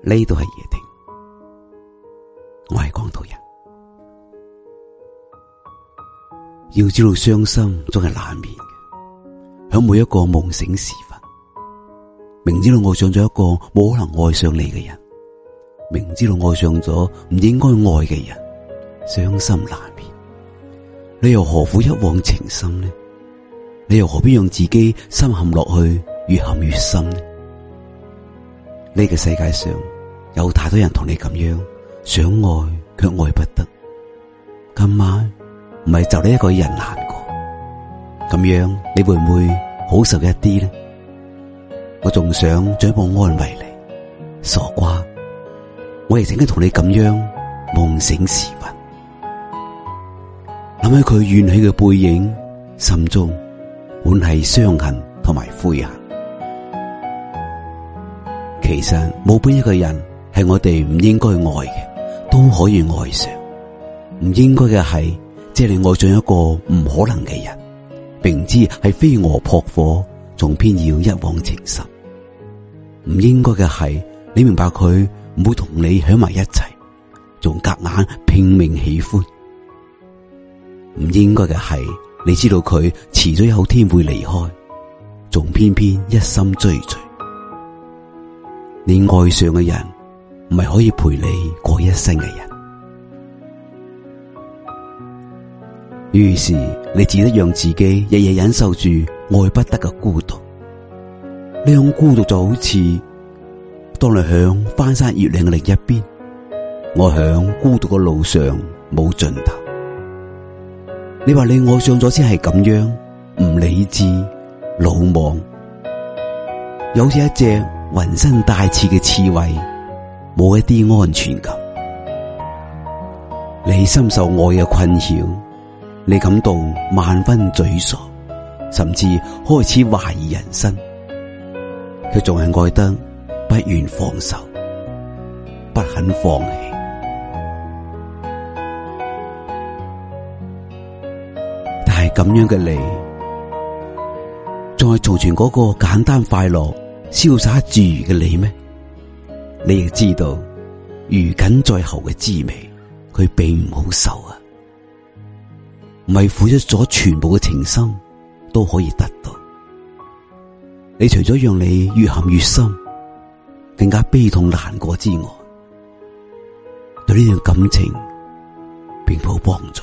呢度係夜定，我係廣島人。要知道傷心總係難免嘅，喺每一個夢醒時分，明知道愛上咗一個冇可能愛上你嘅人，明知道愛上咗唔應該愛嘅人，傷心難免。你又何苦一往情深呢？你又何必讓自己深陷落去越陷越深呢？呢、這個世界上有太多人同你咁樣想愛卻愛不得，今晚唔係就你一個人難過，咁樣你會唔會好受一啲呢？我仲想再幫安慰你，傻瓜，我亦正經同你咁樣夢醒時分，諗起佢怨氣嘅背影，心中滿係傷痕同埋灰痕。其實冇邊一個人係我哋唔應該愛嘅，都可以愛上。唔應該嘅係，即係你愛上一個唔可能嘅人，明知係飛蛾撲火，仲偏要一往情深。唔應該嘅係，你明白佢唔會同你響埋一齊，仲夾硬拼命喜歡。唔應該嘅係，你知道佢遲早有天會離開，仲偏偏一心追隨。你愛上嘅人唔係可以陪你過一生嘅人，於是你只得讓自己日日忍受住愛不得嘅孤獨。呢種孤獨就好似，當你響翻山越嶺嘅另一邊，我響孤獨嘅路上冇盡頭。你話你愛上咗先係咁樣唔理智魯莽，有時一只。渾身帶刺嘅刺蝟，冇一啲安全感。你深受愛嘅困擾，你感到萬分沮喪，甚至開始懷疑人生。佢仲係愛得不願放手，不肯放棄。但係咁樣嘅你，仲係從前嗰個簡單快樂，瀟灑自如嘅你咩？你亦知道如鯁在喉嘅滋味，佢並唔好受啊！唔係付出咗全部嘅情深都可以得到，你除咗讓你越陷越深，更加悲痛難過之外，對呢段感情並冇幫助。